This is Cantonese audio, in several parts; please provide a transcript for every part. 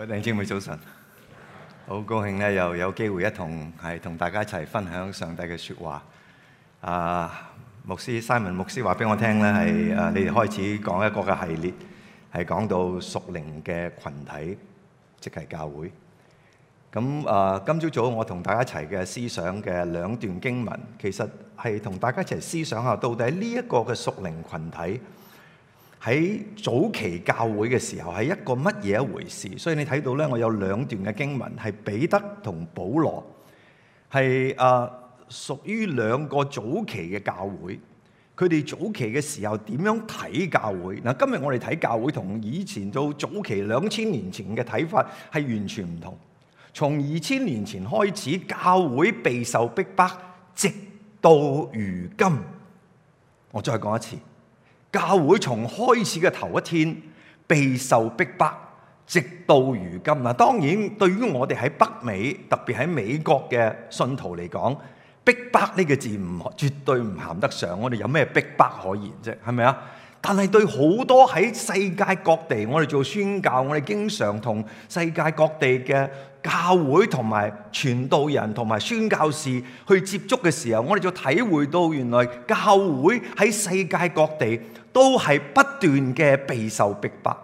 各位弟兄姊妹早晨，好高興咧，又有機會一同係同大家一齊分享上帝嘅説話。啊，牧師 Simon 牧師話俾我聽咧，係誒你哋開始講一個嘅系列，係講到屬靈嘅羣體，即係教會。咁啊，今朝早我同大家一齊嘅思想嘅兩段經文，其實係同大家一齊思想下，到底呢一個嘅屬靈羣體。喺早期教會嘅時候，係一個乜嘢一回事？所以你睇到咧，我有兩段嘅經文係彼得同保羅係啊，屬於兩個早期嘅教會。佢哋早期嘅時候點樣睇教會？嗱，今日我哋睇教會同以前到早期兩千年前嘅睇法係完全唔同。從二千年前開始，教會備受逼迫，直到如今。我再講一次。教會從開始嘅頭一天，備受逼迫，直到如今。嗱，當然，對於我哋喺北美，特別喺美國嘅信徒嚟講，逼迫呢個字唔絕對唔含得上。我哋有咩逼迫可言啫？係咪啊？但係對好多喺世界各地，我哋做宣教，我哋經常同世界各地嘅。教會同埋傳道人同埋宣教士去接觸嘅時候，我哋就體會到原來教會喺世界各地都係不斷嘅備受逼迫。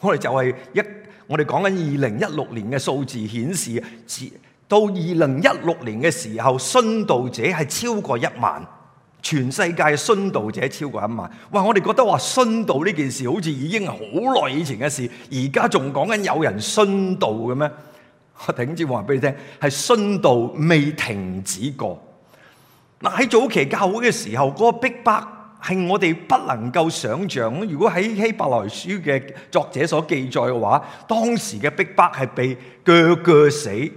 我哋就係一，我哋講緊二零一六年嘅數字顯示，至到二零一六年嘅時候，殉道者係超過一萬，全世界殉道者超過一萬。哇！我哋覺得話殉道呢件事好似已經係好耐以前嘅事，而家仲講緊有人殉道嘅咩？我頂住話俾你聽，係殉道未停止過。嗱，喺早期教會嘅時候，嗰、那個逼迫係我哋不能夠想象。如果喺希伯來書嘅作者所記載嘅話，當時嘅逼迫係被鋸鋸死，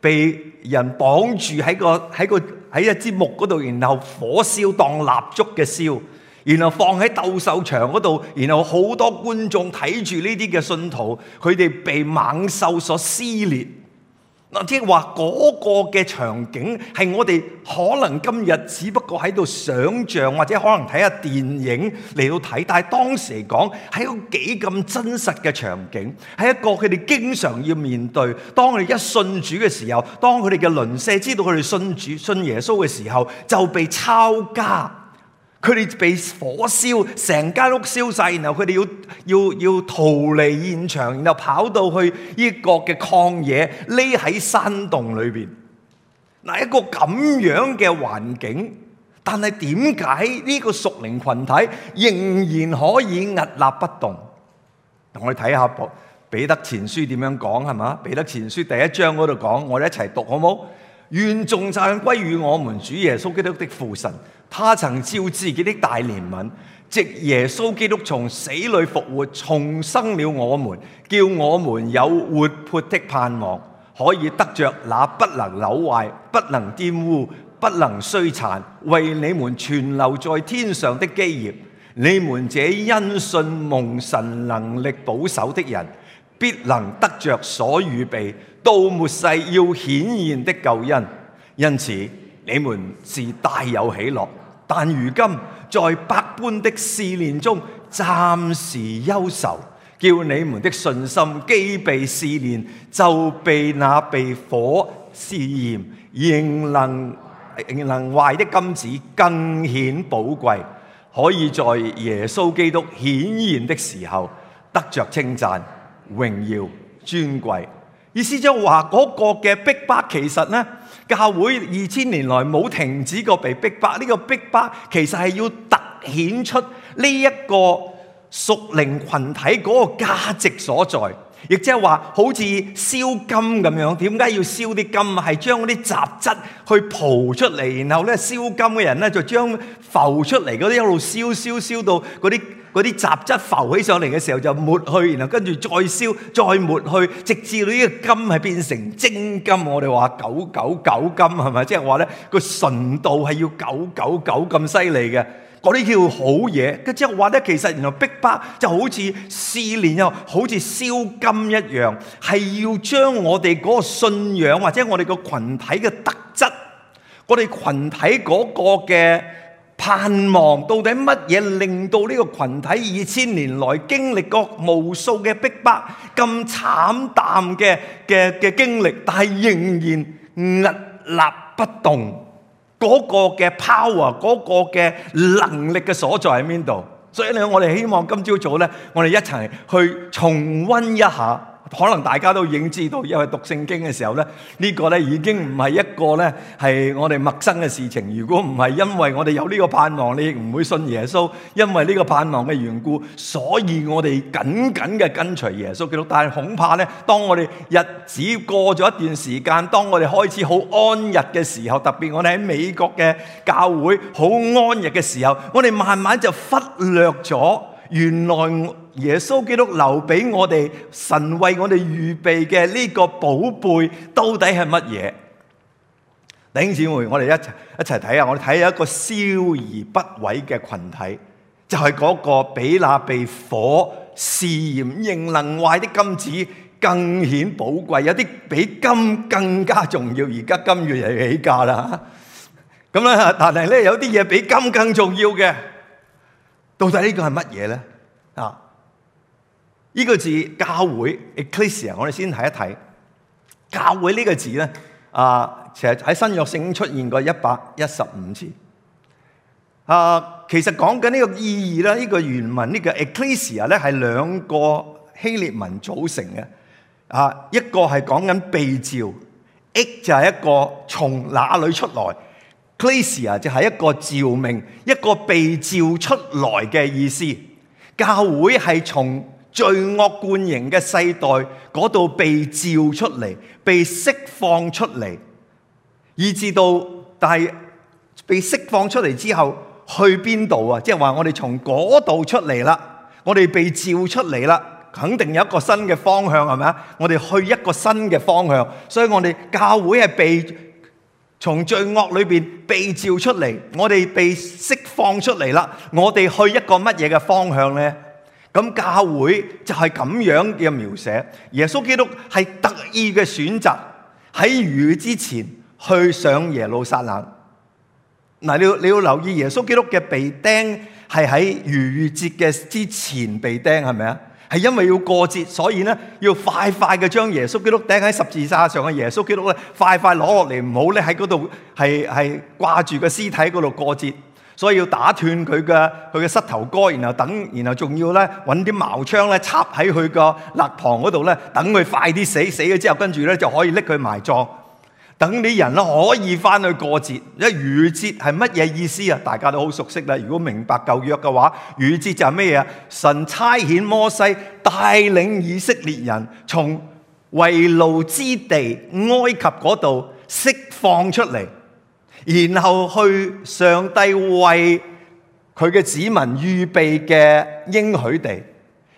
被人綁住喺個喺個喺一支木嗰度，然後火燒當蠟燭嘅燒。然後放喺鬥獸場嗰度，然後好多觀眾睇住呢啲嘅信徒，佢哋被猛獸所撕裂。嗱，即係話嗰個嘅場景係我哋可能今日只不過喺度想象，或者可能睇下電影嚟到睇，但係當時嚟講，係一個幾咁真實嘅場景，係一個佢哋經常要面對，當佢哋一信主嘅時候，當佢哋嘅鄰舍知道佢哋信主、信耶穌嘅時候，就被抄家。佢哋被火燒，成間屋燒晒，然後佢哋要要要逃離現場，然後跑到去呢個嘅曠野匿喺山洞裏邊。嗱，一個咁樣嘅環境，但係點解呢個屬靈群體仍然可以屹立不動？同我哋睇下部《彼得前書》點樣講係嘛？《彼得前書》第一章嗰度講，我哋一齊讀好冇？願頌讚歸於我們主耶穌基督的父神。他曾照自己的大憐憫，藉耶穌基督從死裏復活，重生了我們，叫我們有活潑的盼望，可以得着那不能朽壞、不能玷污、不能衰殘，為你們存留在天上的基業。你們這因信蒙神能力保守的人，必能得着所預備到末世要顯現的救恩。因此，你們是大有喜樂。但如今，在百般的試煉中，暫時憂愁，叫你們的信心，既被試煉，就被那被火試驗，仍能，仍能，壞的金子，更顯寶貴，可以在耶穌基督顯現的時候，得着稱讚，榮耀、尊貴。意思就話，嗰個嘅逼迫其實呢，教會二千年來冇停止過被逼迫，呢、這個逼迫其實係要突顯出呢一個屬靈群體嗰個價值所在，亦即係話好似燒金咁樣，點解要燒啲金？係將嗰啲雜質去蒲出嚟，然後咧燒金嘅人咧就將浮出嚟嗰啲一路燒燒燒到嗰啲。嗰啲雜質浮起上嚟嘅時候就抹去，然後跟住再燒再抹去，直至到呢個金係變成精金。我哋話九九九金係咪？即係話咧個純度係要九九九咁犀利嘅，嗰啲叫好嘢。即係話咧，其實原來逼巴就好似試煉又好似燒金一樣，係要將我哋嗰個信仰或者我哋個群體嘅特質，我哋群體嗰個嘅。盼望到底乜嘢令到呢個群體二千年來經歷過無數嘅逼迫、咁慘淡嘅嘅嘅經歷，但係仍然屹立不動嗰個嘅 power、嗰個嘅能力嘅所在喺邊度？所以咧，我哋希望今朝早咧，我哋一齊去重温一下。可能大家都已經知道，因為讀聖經嘅時候咧，呢個咧已經唔係一個咧係我哋陌生嘅事情。如果唔係因為我哋有呢個盼望，你亦唔會信耶穌。因為呢個盼望嘅緣故，所以我哋緊緊嘅跟隨耶穌基督。但係恐怕咧，當我哋日子過咗一段時間，當我哋開始好安逸嘅時候，特別我哋喺美國嘅教會好安逸嘅時候，我哋慢慢就忽略咗原來。耶穌基督留俾我哋，神為我哋預備嘅呢個寶貝到底係乜嘢？弟兄姊妹，我哋一齊一齊睇下。我哋睇下一個燒而不毀嘅群體，就係嗰個比那被火試驗仍能壞的金子更顯寶貴。有啲比金更加重要。而家金又要起價啦。咁咧，但係咧有啲嘢比金更重要嘅，到底呢個係乜嘢咧？啊！呢、這個字教會 （ecclesia），我哋先睇一睇教會呢個字咧。啊，其實喺新約聖經出現過一百一十五次。啊，其實講緊呢個意義咧，呢、這個原文呢、這個 ecclesia 咧係兩個希臘文組成嘅。啊，一個係講緊被召，e 就係一個從哪裏出來，ecclesia 就係一個召命，一個，明 ecclesia, 一個被召出來嘅意思。教會係從罪惡冠型嘅世代嗰度被召出嚟，被釋放出嚟，以至到但係被釋放出嚟之後去邊度啊？即係話我哋從嗰度出嚟啦，我哋被召出嚟啦，肯定有一個新嘅方向係咪啊？我哋去一個新嘅方向，所以我哋教會係被從罪惡裏邊被召出嚟，我哋被釋放出嚟啦，我哋去一個乜嘢嘅方向呢？咁教會就係咁樣嘅描寫，耶穌基督係特意嘅選擇喺逾之前去上耶路撒冷。嗱，你要你要留意，耶穌基督嘅被釘係喺逾越節嘅之前被釘，係咪啊？係因為要過節，所以咧要快快嘅將耶穌基督釘喺十字架上嘅耶穌基督咧，快快攞落嚟，唔好咧喺嗰度係係掛住個屍體喺嗰度過節。所以要打斷佢嘅佢嘅膝頭哥，然後等，然後仲要找揾啲矛槍插喺佢個肋旁嗰度，等佢快啲死，死咗之後，跟住就可以拎佢埋葬。等啲人可以返去過節。預節係乜嘢意思？大家都好熟悉啦。如果明白舊約嘅話，預節就係咩嘢？神差遣摩西帶領以色列人從為奴之地埃及嗰度釋放出嚟。然後去上帝為佢嘅子民預備嘅應許地，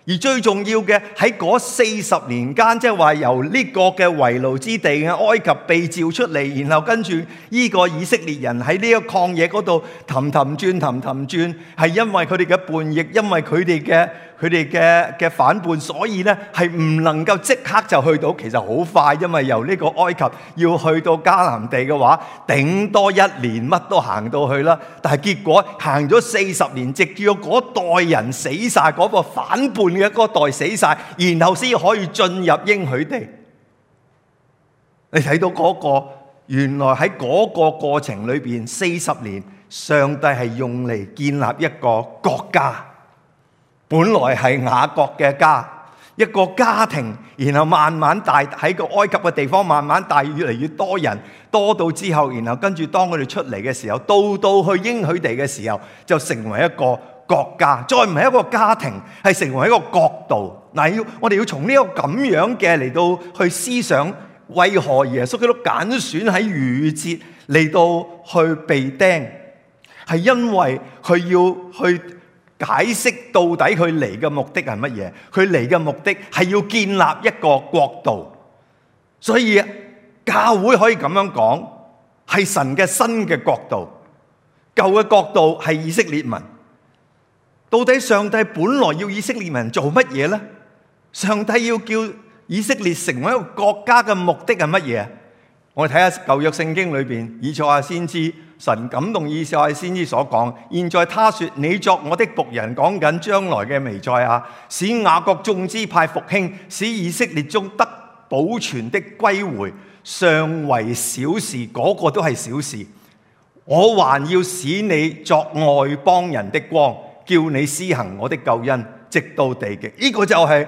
而最重要嘅喺嗰四十年間，即係話由呢個嘅圍爐之地埃及被召出嚟，然後跟住呢個以色列人喺呢個曠野嗰度氹氹轉氹氹轉，係因為佢哋嘅叛逆，因為佢哋嘅。佢哋嘅嘅反叛，所以呢，係唔能夠即刻就去到，其實好快，因為由呢個埃及要去到迦南地嘅話，頂多一年乜都行到去啦。但係結果行咗四十年，直至嗰代人死晒，嗰個反叛嘅嗰代死晒，然後先可以進入應許地。你睇到嗰個原來喺嗰個過程裏邊四十年，上帝係用嚟建立一個國家。本來係雅各嘅家，一個家庭，然後慢慢大喺個埃及嘅地方，慢慢大越嚟越多人，多到之後，然後跟住當佢哋出嚟嘅時候，到到去應許地嘅時候，就成為一個國家，再唔係一個家庭，係成為一個國度。嗱，要我哋要從呢一個咁樣嘅嚟到去思想，為何耶穌都揀選喺逾越節嚟到去被釘，係因為佢要去。解釋到底佢嚟嘅目的係乜嘢？佢嚟嘅目的係要建立一個國度，所以教會可以咁樣講，係神嘅新嘅國度，舊嘅國度係以色列民。到底上帝本來要以色列民做乜嘢呢？上帝要叫以色列成為一個國家嘅目的係乜嘢？我哋睇下舊約聖經裏邊，以坐下先知。神感動以色列先知所講，現在他說你作我的僕人，講緊將來嘅彌賽亞，使雅各眾支派復興，使以色列中得保存的歸回，尚為小事，嗰、那個都係小事。我還要使你作外邦人的光，叫你施行我的救恩，直到地極。呢、這個就係、是。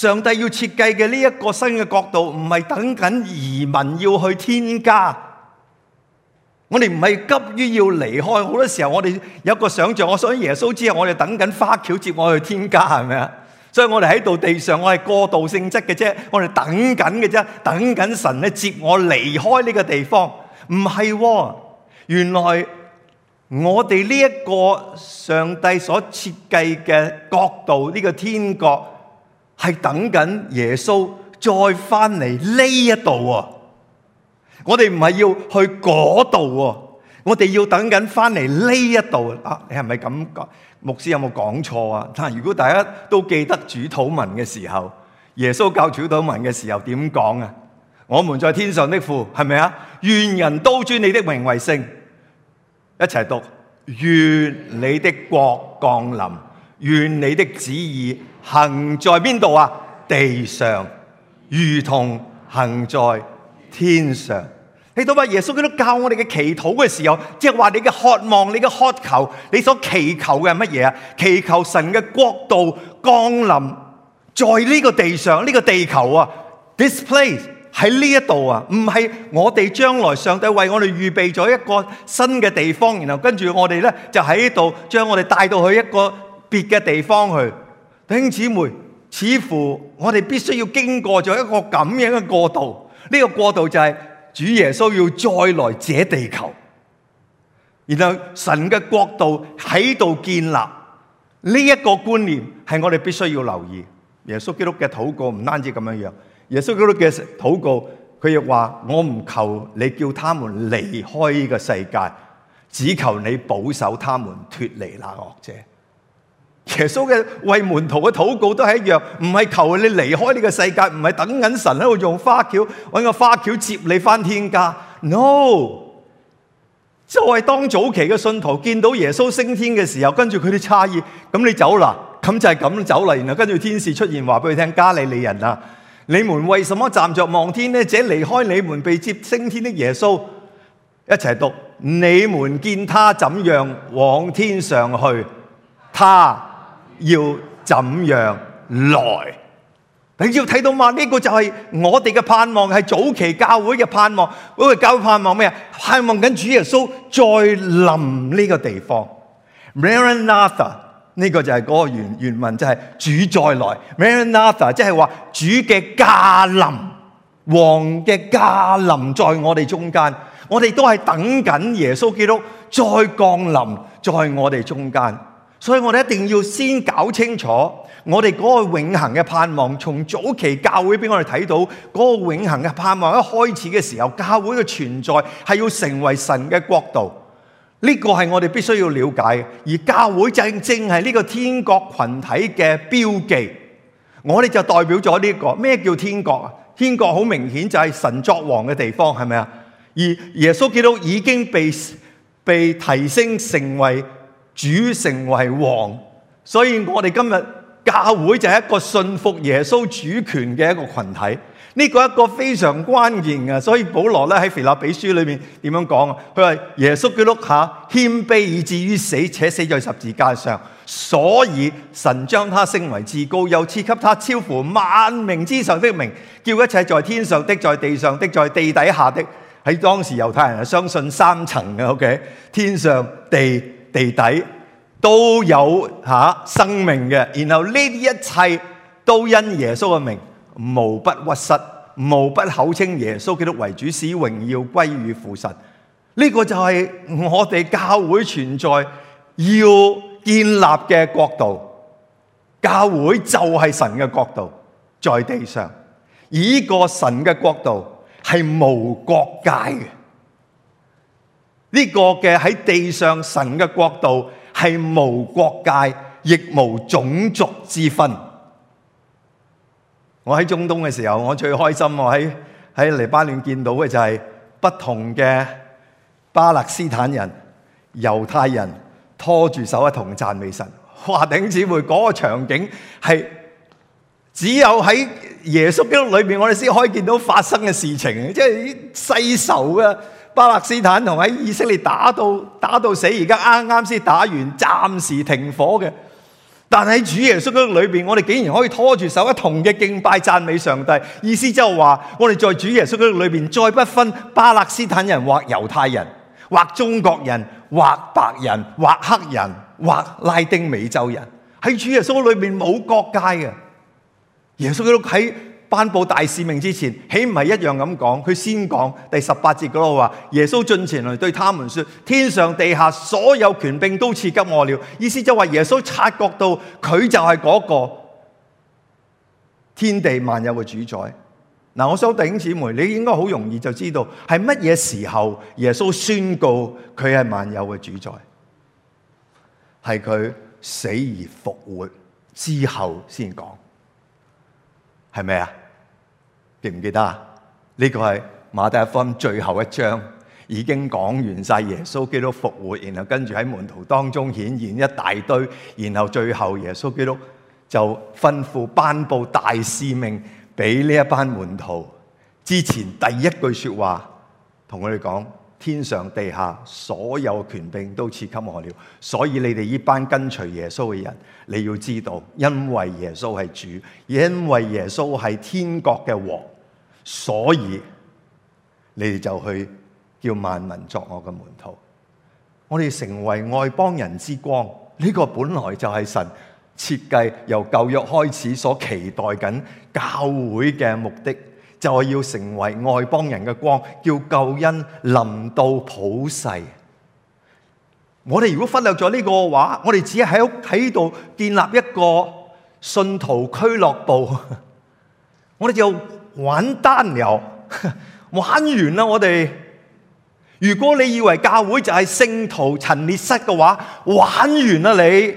上帝要設計嘅呢一個新嘅國度，唔係等緊移民要去天家。我哋唔係急於要離開，好多時候我哋有一個想象，我信耶穌之後，我哋等緊花轎接我去天家，係咪啊？所以我哋喺度地上，我係過渡性質嘅啫，我哋等緊嘅啫，等緊神嚟接我離開呢個地方，唔係。原來我哋呢一個上帝所設計嘅國度，呢個天國。係等緊耶穌再翻嚟呢一度，我哋唔係要去嗰度喎，我哋要等緊翻嚟呢一度啊！你係咪咁講？牧師有冇講錯啊？嗱，如果大家都記得主禱文嘅時候，耶穌教主禱文嘅時候點講啊？我們在天上的父，係咪啊？願人都尊你的名為聖。一齊讀：願你的國降臨，願你的旨意。行在邊度？地上。如同行在天上。你睇到耶穌基督教我哋嘅祈禱嘅時候，即係話你嘅弟兄姊妹，似乎我哋必須要經過咗一個咁樣嘅過渡，呢、這個過渡就係主耶穌要再來這地球，然後神嘅國度喺度建立，呢、這、一個觀念係我哋必須要留意。耶穌基督嘅禱告唔單止咁樣樣，耶穌基督嘅禱告佢亦話：我唔求你叫他們離開呢個世界，只求你保守他們脫離那惡者。耶穌嘅為門徒嘅禱告都是一樣，唔係求你離開呢個世界，唔係等緊神喺度用花轎揾個花轎接你返天家。No，就是當早期嘅信徒見到耶穌升天嘅時候，跟住佢哋差異，咁你走啦咁就這樣,就是這樣走了然後跟住天使出現話俾佢聽：加利利人啊，你們為什麼站着望天呢？這離開你們被接升天的耶穌，一齊讀：你們見他怎樣往天上去，他。要怎樣來？你要睇到嘛？呢個就係我哋嘅盼望，係早期教會嘅盼望。嗰個教會盼望咩啊？盼望緊主耶穌再臨呢個地方。Maranatha，呢個就係嗰個原原文，就係主再來。Maranatha，即係話主嘅駕臨，王嘅駕臨，在我哋中間。我哋都係等緊耶穌基督再降臨，在我哋中間。所以我哋一定要先搞清楚，我哋嗰個永恆嘅盼望，從早期教會俾我哋睇到嗰個永恆嘅盼望。一開始嘅時候，教會嘅存在係要成為神嘅國度，呢個係我哋必須要了解嘅。而教會正正係呢個天國群體嘅標記，我哋就代表咗呢個咩叫天國啊？天國好明顯就係神作王嘅地方，係咪啊？而耶穌基督已經被被提升成為。主成為王，所以我哋今日教會就係一個信服耶穌主權嘅一個群體。呢、這個一個非常關鍵嘅，所以保羅在喺腓立比書裏面點樣講？佢話：耶穌基督下謙卑以至於死，且死在十字架上。所以神將他升為至高，又賜給他超乎萬名之上的名，叫一切在天上的，在地上的，在地底下的，喺當時猶太人係相信三層嘅。O、okay? K，天上地。地底都有生命嘅，然後呢一切都因耶穌嘅名，無不屈膝，無不口稱耶穌基督為主，使榮耀歸於父神。呢、呢個就係我哋教會存在要建立嘅國度，教會就係神嘅國度，在地上。以呢個神嘅國度係無國界嘅。呢、這個嘅喺地上神嘅國度係無國界，亦無種族之分。我喺中東嘅時候，我最開心我喺喺黎巴嫩見到嘅就係不同嘅巴勒斯坦人、猶太人拖住手一同讚美神。哇！兄姊妹嗰、那個場景係只有喺耶穌基督裏面，我哋先可以見到發生嘅事情，即係世仇。啊！巴勒斯坦同喺以色列打到打到死，而家啱啱先打完，暫時停火嘅。但喺主耶穌嗰度裏邊，我哋竟然可以拖住手，一同嘅敬拜讚美上帝。意思就係話，我哋在主耶穌嗰度裏邊再不分巴勒斯坦人或猶太人，或中國人，或白人，或黑人，或拉丁美洲人。喺主耶穌裏邊冇國界嘅。耶穌嗰度喺。頒布大使命之前，豈唔係一樣咁講？佢先講第十八節嗰度，話，耶穌進前來對他們說：天上地下所有權柄都賜給我了。意思就話耶穌察覺到佢就係嗰個天地萬有嘅主宰。嗱，我想弟兄姊妹，你應該好容易就知道係乜嘢時候耶穌宣告佢係萬有嘅主宰，係佢死而復活之後先講。係咪啊？記唔記得啊？呢、這個係馬太福音最後一章，已經講完晒，耶穌基督復活，然後跟住喺門徒當中顯現一大堆，然後最後耶穌基督就吩咐頒布大使命俾呢一班門徒之前第一句說話，同我哋講。天上地下所有權柄都賜給我了，所以你哋呢班跟隨耶穌嘅人，你要知道，因為耶穌係主，因為耶穌係天國嘅王，所以你哋就去叫萬民作我嘅門徒。我哋成為外邦人之光，呢、這個本來就係神設計由舊約開始所期待緊教會嘅目的。就要成為外邦人嘅光，叫救恩臨到普世。我哋如果忽略咗呢個嘅話，我哋只係喺屋企度建立一個信徒俱樂部，我哋就玩單遊，玩完啦我哋，如果你以為教會就係聖徒陳列室嘅話，玩完啦你！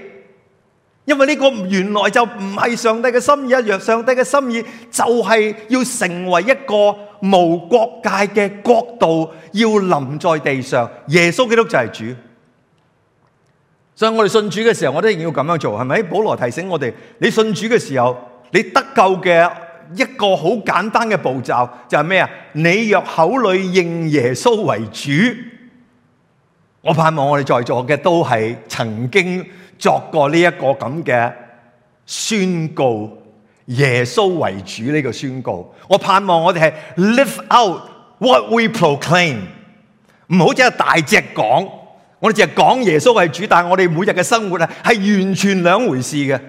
因為呢個原來就唔係上帝嘅心意，若上帝嘅心意就係要成為一個無國界嘅國度，要臨在地上，耶穌基督就係主。所以我哋信主嘅時候，我都一定要咁樣做，係咪？保羅提醒我哋，你信主嘅時候，你得救嘅一個好簡單嘅步驟就係咩啊？你若口裏認耶穌為主，我盼望我哋在座嘅都係曾經。作過呢一個咁嘅宣告，耶穌為主呢個宣告，我盼望我哋係 live out what we proclaim，唔好只係大隻講，我哋淨係講耶穌為主，但係我哋每日嘅生活啊係完全兩回事嘅，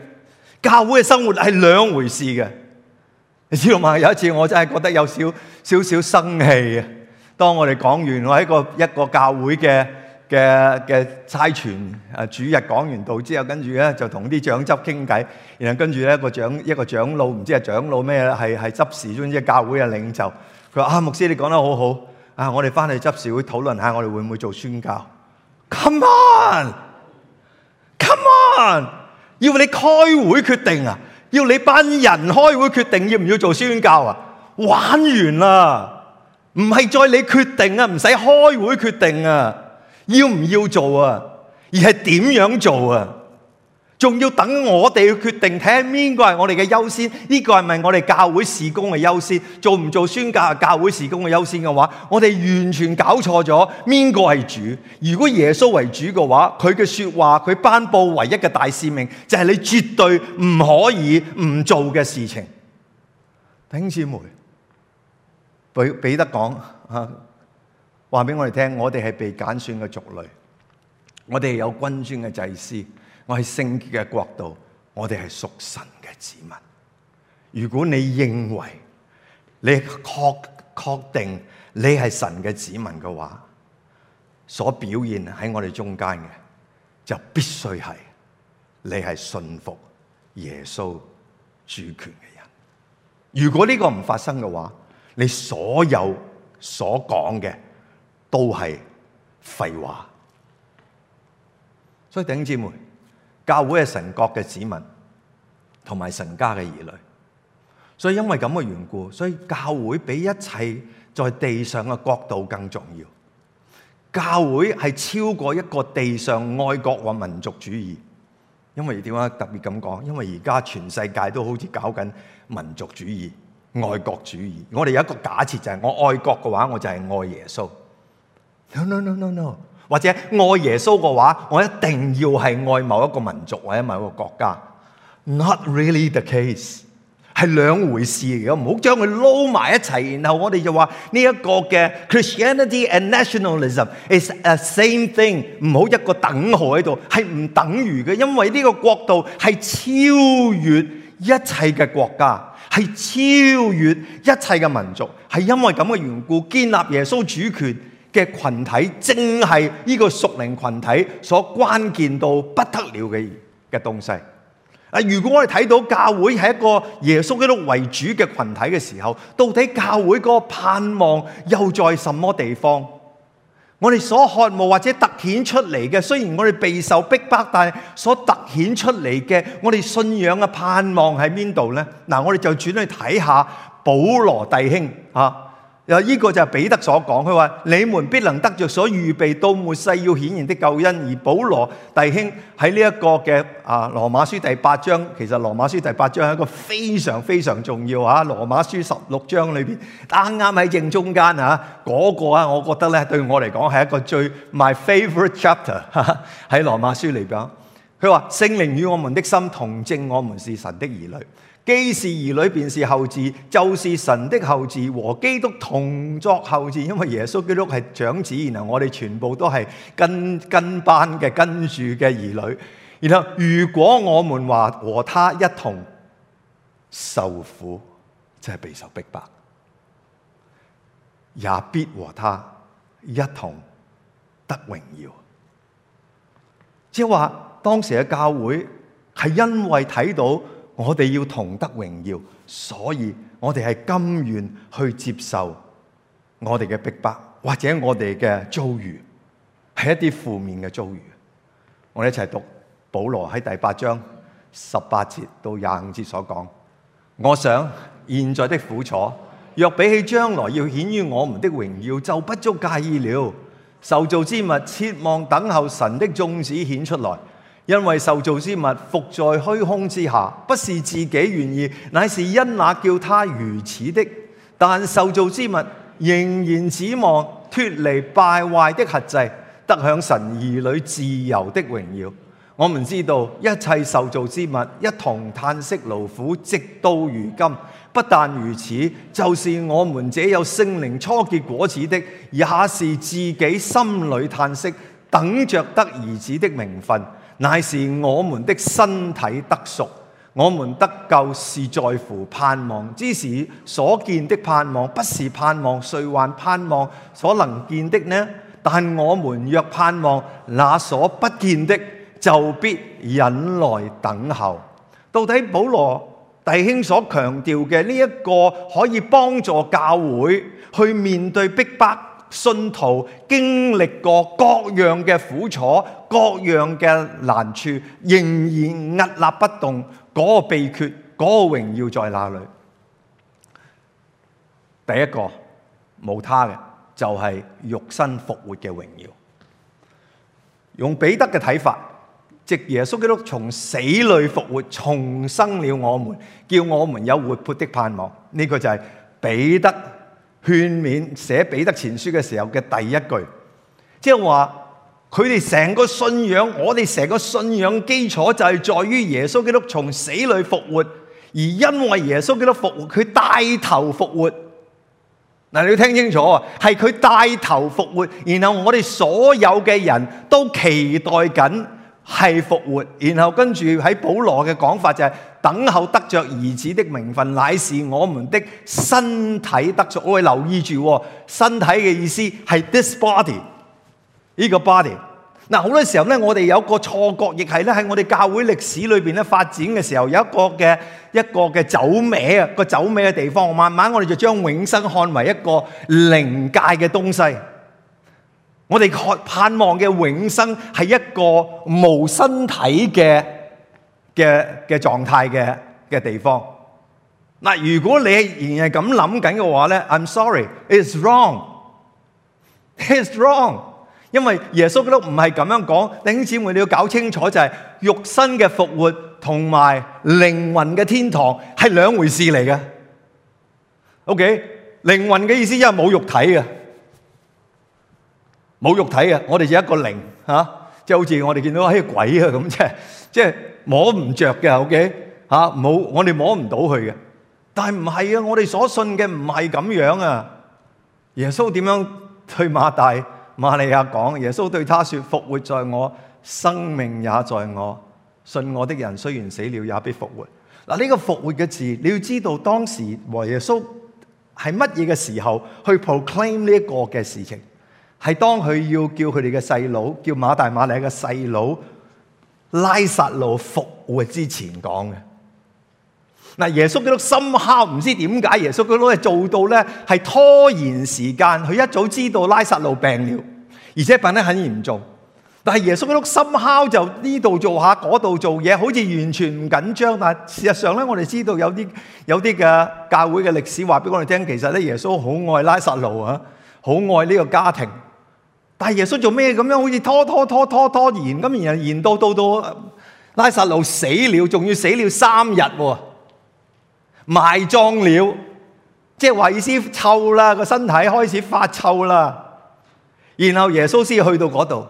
教會嘅生活係兩回事嘅，你知道嘛？有一次我真係覺得有少少少生氣啊，當我哋講完我喺個一個教會嘅。嘅嘅差傳啊，主日講完道之後，跟住咧就同啲長執傾偈，然後跟住咧個長一個長老，唔知係長老咩啦，係係執事，總之教會嘅領袖，佢話啊，牧師你講得好好啊，我哋返去執事會討論下，我哋會唔會做宣教？Come on，come on，要你開會決定啊，要你班人開會決定，要唔要做宣教啊？玩完啦，唔係在你決定啊，唔使開會決定啊。要唔要做啊？而係點樣做啊？仲要等我哋去決定，睇下邊個係我哋嘅優先？呢個係咪我哋教會事工嘅優先？做唔做宣教？教會事工嘅優先嘅話，我哋完全搞錯咗。邊個係主？如果耶穌為主嘅話，佢嘅說話，佢頒布唯一嘅大使命，就係你絕對唔可以唔做嘅事情。丁志梅，俾俾得講吓。話俾我哋聽，我哋係被揀選嘅族類，我哋有君尊嘅祭司，我係聖潔嘅國度，我哋係屬神嘅子民。如果你認為你確確定你係神嘅子民嘅話，所表現喺我哋中間嘅，就必須係你係信服耶穌主權嘅人。如果呢個唔發生嘅話，你所有所講嘅，都係廢話，所以弟兄姊妹，教會係神國嘅子民，同埋神家嘅兒女，所以因為咁嘅緣故，所以教會比一切在地上嘅國度更重要。教會係超過一個地上愛國或民族主義，因為點解特別咁講，因為而家全世界都好似搞緊民族主義、愛國主義。我哋有一個假設就係、是，我愛國嘅話，我就係愛耶穌。no no no no no，或者愛耶穌嘅話，我一定要係愛某一個民族或者某一個國家。Not really the case，係兩回事，如果唔好將佢撈埋一齊。然後我哋就話呢一個嘅 Christianity and nationalism is a same thing，唔好一個等號喺度，係唔等於嘅。因為呢個國度係超越一切嘅國家，係超越一切嘅民族，係因為咁嘅緣故，建立耶穌主權。嘅群體正係呢個屬靈群體所關鍵到不得了嘅嘅東西。啊，如果我哋睇到教會係一個耶穌基督為主嘅群體嘅時候，到底教會個盼望又在什麼地方？我哋所渴慕或者凸顯出嚟嘅，雖然我哋備受逼迫，但係所凸顯出嚟嘅，我哋信仰嘅盼望喺邊度呢？嗱，我哋就轉去睇下保羅弟兄又呢個就係彼得所講，佢話你們必能得著所預備到末世要顯現的救恩。而保羅弟兄喺呢一個嘅啊羅馬書第八章，其實羅馬書第八章係一個非常非常重要啊！羅馬書十六章裏邊啱啱喺正中間啊，嗰個啊，我覺得咧對我嚟講係一個最 my favourite chapter 喺羅馬書裏邊。佢話聖靈與我們的心同證，我們是神的兒女。既是兒女，便是後嗣，就是神的後嗣，和基督同作後嗣。因為耶穌基督係長子，然後我哋全部都係跟跟班嘅，跟住嘅兒女。然後如果我們話和他一同受苦，即係備受逼迫，也必和他一同得榮耀。即係話當時嘅教會係因為睇到。我哋要同得榮耀，所以我哋係甘願去接受我哋嘅逼迫，或者我哋嘅遭遇係一啲負面嘅遭遇。我哋一齊讀保羅喺第八章十八節到廿五節所講：我想現在的苦楚，若比起將來要顯於我們的榮耀，就不足介意了。受造之物，切望等候神的眾子顯出來。因為受造之物伏在虛空之下，不是自己願意，乃是因那叫他如此的。但受造之物仍然指望脫離敗壞的轄制，得享神兒女自由的榮耀。我們知道一切受造之物一同嘆息勞苦，直到如今。不但如此，就是我們這有聖靈初結果子的，也是自己心裏嘆息，等着得兒子的名分。乃是我們的身體得贖，我們得救是在乎盼望之時所見的盼望，不是盼望誰還盼望所能見的呢？但我們若盼望那所不見的，就必忍耐等候。到底保羅弟兄所強調嘅呢一個，可以幫助教會去面對逼迫。信徒經歷過各樣嘅苦楚、各樣嘅難處，仍然屹立不動。嗰個秘訣、嗰個榮耀在哪裏？第一個冇他嘅，就係肉身復活嘅榮耀。用彼得嘅睇法，即耶穌基督從死裡復活，重生了我們，叫我們有活潑的盼望。呢個就係彼得。勸勉寫彼得前書嘅時候嘅第一句，即係話佢哋成個信仰，我哋成個信仰基礎就係在於耶穌基督從死裏復活，而因為耶穌基督復活，佢帶頭復活。嗱，你要聽清楚啊，係佢帶頭復活，然後我哋所有嘅人都期待緊。係復活，然後跟住喺保羅嘅講法就係等候得着兒子的名分，乃是我們的身體得贖。我哋留意住，身體嘅意思係 this body，呢個 body。嗱，好多時候咧，我哋有一個錯覺，亦係咧喺我哋教會歷史裏邊咧發展嘅時候，有一個嘅一個嘅走歪啊，個走歪嘅地方，慢慢我哋就將永生看為一個靈界嘅東西。我哋渴盼望嘅永生係一個無身體嘅嘅嘅狀態嘅嘅地方。嗱，如果你仍然咁諗緊嘅話咧，I'm sorry，it's wrong，it's wrong。因為耶穌都唔係咁樣講，弟兄姊妹你要搞清楚就係肉身嘅復活同埋靈魂嘅天堂係兩回事嚟嘅。OK，靈魂嘅意思即係冇肉體嘅。冇肉體嘅，我哋就一個靈吓，即、啊、係、就是、好似我哋見到，嘿鬼、就是就是 okay? 啊咁，即係即係摸唔着嘅，OK，吓冇，我哋摸唔到佢嘅。但係唔係啊，我哋所信嘅唔係咁樣啊。耶穌點樣對馬大馬利亞講？耶穌對他說：復活在我，生命也在我。信我的人雖然死了，也必復活。嗱，呢、這個復活嘅字，你要知道當時和耶穌係乜嘢嘅時候去 proclaim 呢一個嘅事情。係當佢要叫佢哋嘅細佬，叫馬大馬利亞嘅細佬拉撒路復活之前講嘅。嗱，耶穌基督 somehow 唔知點解，耶穌基督係做到咧係拖延時間。佢一早知道拉撒路病了，而且病得很嚴重。但係耶穌基督 somehow 就呢度做下，嗰度做嘢，好似完全唔緊張。但事實上咧，我哋知道有啲有啲嘅教會嘅歷史話俾我哋聽，其實咧耶穌好愛拉撒路啊，好愛呢個家庭。阿耶穌做咩咁樣？好似拖拖拖拖拖延，咁然延到到到拉撒路死了，仲要死了三日，埋葬了，即係話意思臭啦，個身體開始發臭啦。然後耶穌先去到嗰度，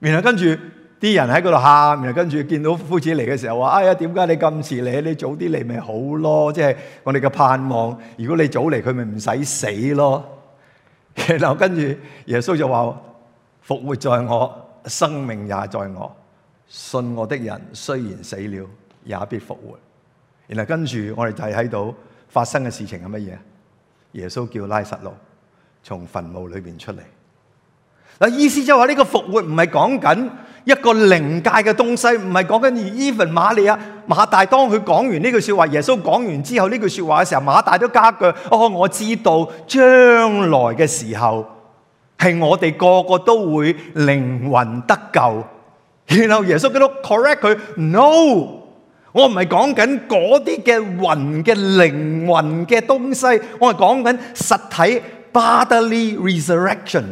然後跟住啲人喺嗰度喊，然後跟住見到夫子嚟嘅時候話：哎呀，點解你咁遲嚟？你早啲嚟咪好咯！即係我哋嘅盼望，如果你早嚟，佢咪唔使死咯。然後跟住耶穌就話，復活在我，生命也在我，信我的人雖然死了，也必復活。然後跟住我哋就睇到發生嘅事情係乜嘢？耶穌叫拉撒路從墳墓裏邊出嚟。嗱，意思就係話呢個復活唔係講緊一個靈界嘅東西，唔係講緊。even 馬利亞、馬大當佢講完呢句說話，耶穌講完之後呢句說話嘅時候，馬大都加句：哦，我知道將來嘅時候係我哋個個都會靈魂得救。然後耶穌基督 correct 佢，no，我唔係講緊嗰啲嘅魂嘅靈魂嘅東西，我係講緊實體 bodily resurrection。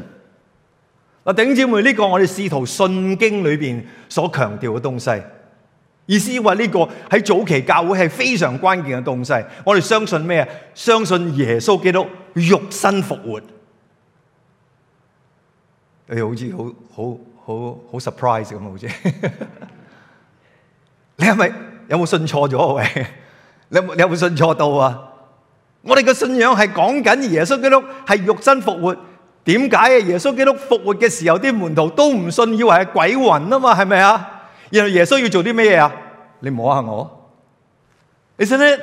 嗱，弟兄姊妹，呢個我哋使徒信經裏邊所強調嘅東西，意思話呢個喺早期教會係非常關鍵嘅東西。我哋相信咩啊？相信耶穌基督肉身復活。你好似好好好好 surprise 咁啊，好似你係咪有冇信錯咗？喂，你你有冇信錯到啊？我哋嘅信仰係講緊耶穌基督係肉身復活。點解耶穌基督復活嘅時候，啲門徒都唔信，以為係鬼魂啊嘛，係咪啊？然後耶穌要做啲咩嘢啊？你摸下我，你信唔信？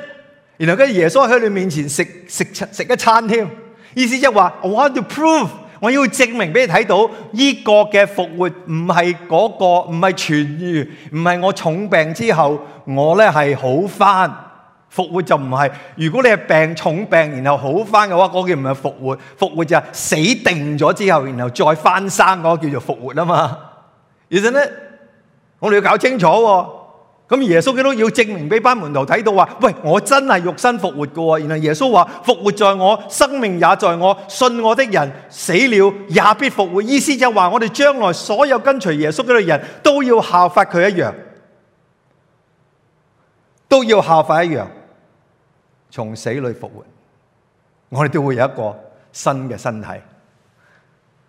然後跟住耶穌喺你面前食食食一餐添，意思即係話，I want to prove，我要證明俾你睇到呢個嘅復活唔係嗰個，唔係痊愈，唔係我重病之後我咧係好翻。Vục isn't it? 我們要搞清楚，喔，咁耶穌基督要證明俾班門徒睇到，喂，我真係欲生福 hội，喔，然後耶穌話，福從死裏復活，我哋都會有一個新嘅身體。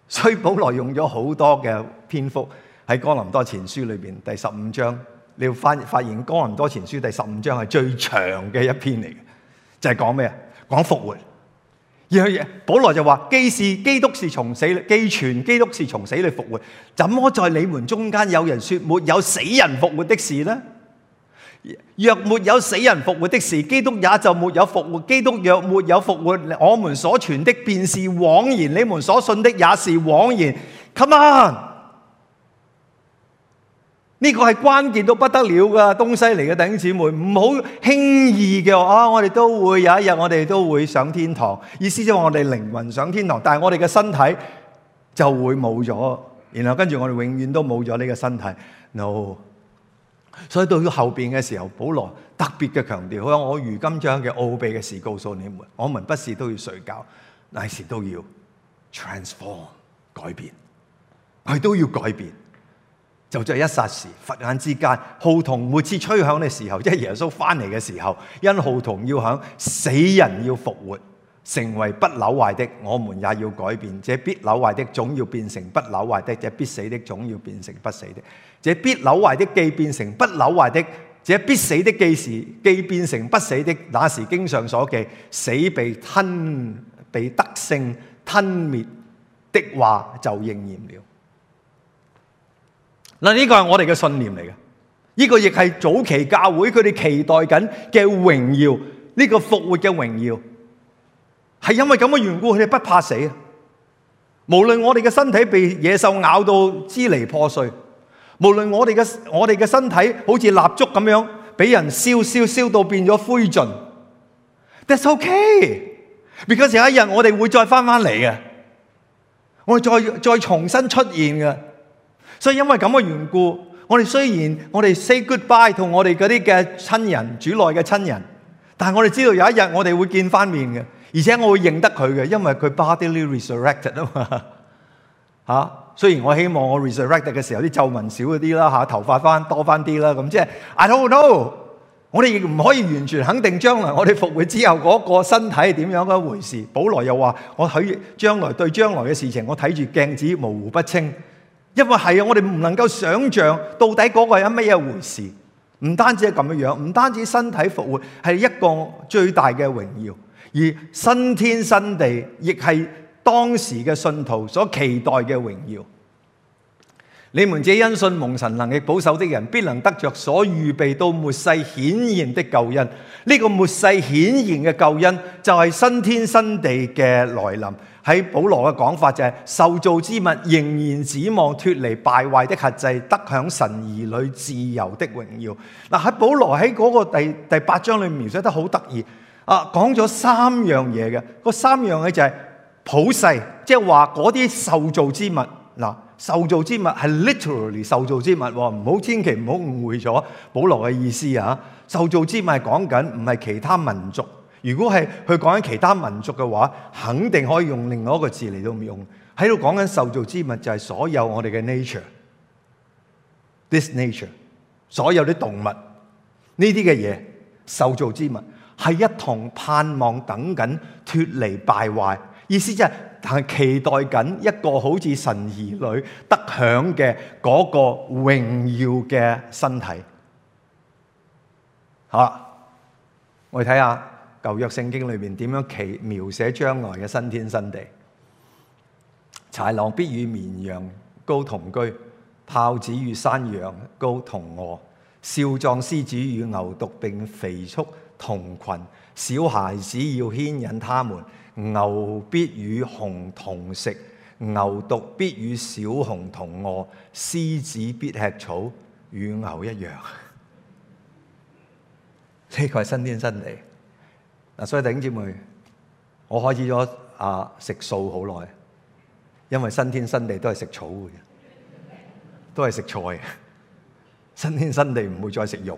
所以保羅用咗好多嘅篇幅喺《哥林多前書》裏邊第十五章，你要發現《哥林多前書》第十五章係最長嘅一篇嚟嘅，就係講咩啊？講復活。而保羅就話：既傳基督是從死，既傳基督是從死裏復活，怎麼在你們中間有人說沒有死人復活的事呢？若沒有死人復活的事，基督也就沒有復活。基督若沒有復活，我們所傳的便是枉然，你們所信的也是枉然。Come on，呢個係關鍵到不得了嘅東西嚟嘅，弟兄姊妹，唔好輕易嘅話啊！我哋都會有一日，我哋都會上天堂，意思即係話我哋靈魂上天堂，但係我哋嘅身體就會冇咗，然後跟住我哋永遠都冇咗呢個身體。No。所以到咗後邊嘅時候，保羅特別嘅強調，我我如今將嘅奧秘嘅事告訴你們，我們不是都要睡覺，乃是都要 transform 改變，佢都要改變，就在一霎時、佛眼之間，號筒每次吹響嘅時候，即係耶穌翻嚟嘅時候，因號筒要響，死人要復活。成為不朽壞的，我們也要改變。這必朽壞的總要變成不朽壞的，這必死的總要變成不死的。這必朽壞的既變成不朽壞的，這必死的既時既變成不死的，那時經上所記，死被吞被得勝吞滅的話就應驗了。嗱，呢個係我哋嘅信念嚟嘅，呢個亦係早期教會佢哋期待緊嘅榮耀，呢個復活嘅榮耀。係因為咁嘅緣故，佢哋不怕死。無論我哋嘅身體被野獸咬到支離破碎，無論我哋嘅我哋嘅身體好似蠟燭咁樣俾人燒燒燒到變咗灰燼，that's okay，because 有一日我哋會再翻翻嚟嘅，我哋再再重新出現嘅。所以因為咁嘅緣故，我哋雖然我哋 say goodbye 同我哋嗰啲嘅親人主內嘅親人，但係我哋知道有一日我哋會見翻面嘅。而且我會認得佢嘅，因為佢 bodily resurrected 嘛啊嘛嚇。雖然我希望我 resurrected 嘅時候啲皺紋少嗰啲啦嚇，頭髮翻多翻啲啦，咁即係 I don't know。我哋亦唔可以完全肯定將來我哋復活之後嗰個身體係點樣嘅一回事。保羅又話：我睇將來對將來嘅事情，我睇住鏡子模糊不清，因為係啊，我哋唔能夠想像到底嗰個係乜嘢回事。唔單止係咁樣樣，唔單止身體復活係一個最大嘅榮耀。而新天新地亦係當時嘅信徒所期待嘅榮耀。你們這因信蒙神能力保守的人，必能得着所預備到末世顯現的救恩。呢個末世顯現嘅救恩就係新天新地嘅來臨。喺保羅嘅講法就係受造之物仍然指望脫離敗壞的轄制，得享神兒女自由的榮耀。嗱，喺保羅喺嗰個第第八章裏描寫得好得意。啊，講咗三樣嘢嘅，嗰三樣嘢就係普世，即係話嗰啲受造之物嗱，受造之物係 literally 受造之物，唔好千祈唔好誤會咗保羅嘅意思啊！受造之物係講緊，唔係其他民族。如果係佢講緊其他民族嘅話，肯定可以用另外一個字嚟到用。喺度講緊受造之物，就係所有我哋嘅 nature，this nature，所有啲動物呢啲嘅嘢，受造之物。係一同盼望等緊脫離敗壞，意思即係但係期待緊一個好似神兒女得享嘅嗰個榮耀嘅身體。好啦，我哋睇下舊約聖經裏面點樣描寫將來嘅新天新地。豺狼必與綿羊羔同居，豹子與山羊羔同臥，少壯獅子與牛犢並肥畜。同群小孩子要牽引他們，牛必與熊同食，牛犢必與小熊同餓，獅子必吃草與牛一樣呢 個係新天新地。嗱，所以弟兄姊妹，我開始咗啊食素好耐，因為新天新地都係食草嘅啫，都係食菜，新天新地唔會再食肉。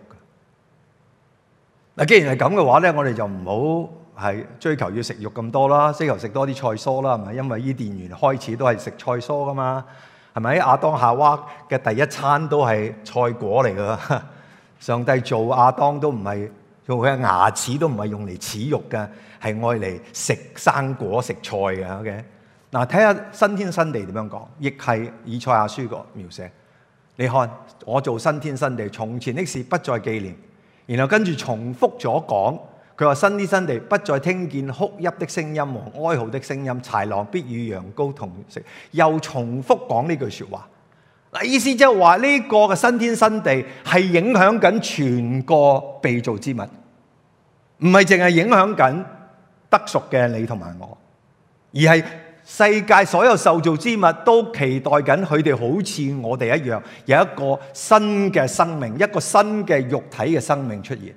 嗱，既然係咁嘅話咧，我哋就唔好係追求要食肉咁多啦，追求食多啲菜蔬啦，係咪？因為伊甸園開始都係食菜蔬噶嘛，係咪？亞當夏娃嘅第一餐都係菜果嚟噶， 上帝做亞當都唔係用佢嘅牙齒都唔係用嚟齒肉嘅，係愛嚟食生果食菜嘅。OK，嗱，睇下新天新地點樣講，亦係以賽亞書講描寫。你看我做新天新地，從前的事不再記念。然後跟住重複咗講，佢話新天新地不再聽見哭泣的聲音和哀號的聲音，豺狼必與羊羔同食。又重複講呢句説話。嗱，意思即係話呢個嘅新天新地係影響緊全個被造之物，唔係淨係影響緊得贖嘅你同埋我，而係。世界所有受造之物都期待緊佢哋好似我哋一樣有一個新嘅生命，一個新嘅肉體嘅生命出現。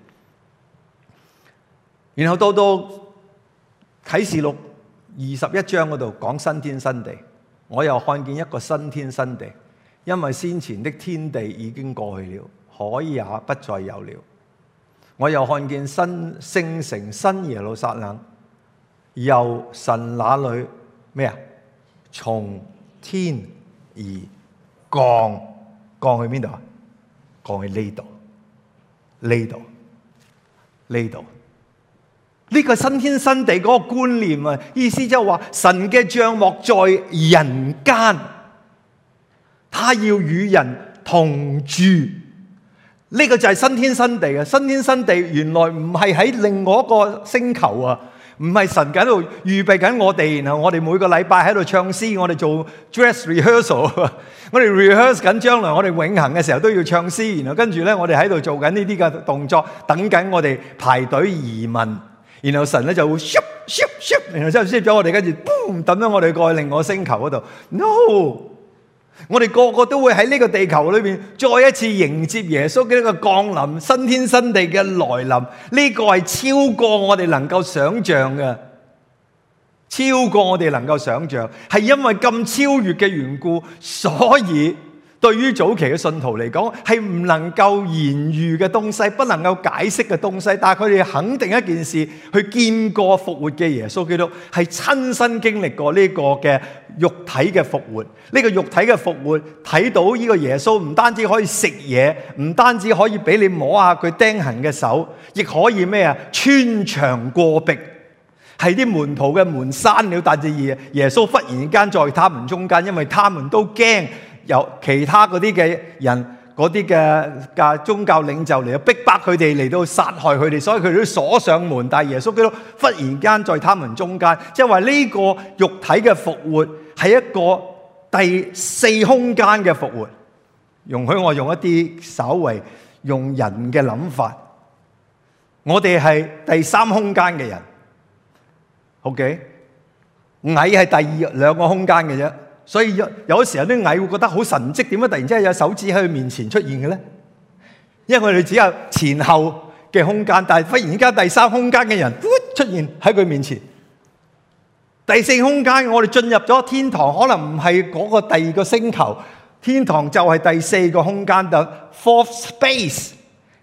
然後到到啟示錄二十一章嗰度講新天新地，我又看見一個新天新地，因為先前的天地已經過去了，海也不再有了。我又看見新聖城新耶路撒冷由神那裏。咩啊？從天而降，降去邊度啊？降去呢度，呢度，呢度。呢個新天新地嗰個觀念啊，意思就係話神嘅帳幕在人間，他要與人同住。呢個就係新天新地啊，新天新地，原來唔係喺另外一個星球啊。唔係神喺度預備緊我哋，然後我哋每個禮拜喺度唱詩，我哋做 dress rehearsal， 我哋 rehearse 緊將來我哋永恆嘅時候都要唱詩，然後跟住咧我哋喺度做緊呢啲嘅動作，等緊我哋排隊移民，然後神咧就會 ship ship ship，然後之後接咗我哋，跟住 boom 等咗我哋過去另外星球嗰度，no。我哋個個都會喺呢個地球裏面再一次迎接耶穌嘅一個降臨，新天新地嘅來臨，呢、這個係超過我哋能夠想象嘅，超過我哋能夠想象，係因為咁超越嘅緣故，所以。對於早期嘅信徒嚟講，係唔能夠言喻嘅東西，不能夠解釋嘅東西。但係佢哋肯定一件事，佢見過復活嘅耶穌基督，係親身經歷過呢個嘅肉體嘅復活。呢個肉體嘅復活，睇到呢個耶穌唔單止可以食嘢，唔單止可以俾你摸下佢釘痕嘅手，亦可以咩啊穿牆過壁。係啲門徒嘅門閂了，但係而耶穌忽然間在他們中間，因為他們都驚。有其他嗰啲嘅人，嗰啲嘅嘅宗教領袖嚟到逼迫佢哋，嚟到殺害佢哋，所以佢哋都鎖上門。但係耶穌基督忽然間在他們中間，即係話呢個肉體嘅復活係一個第四空間嘅復活。容許我用一啲稍為用人嘅諗法，我哋係第三空間嘅人，OK，矮係第二兩個空間嘅啫。所以有時有啲時啲蟻會覺得好神蹟，點解突然之間有手指喺佢面前出現嘅咧？因為我哋只有前後嘅空間，但係忽然間第三空間嘅人出現喺佢面前。第四空間，我哋進入咗天堂，可能唔係嗰個第二個星球，天堂就係第四個空間，就 fourth space。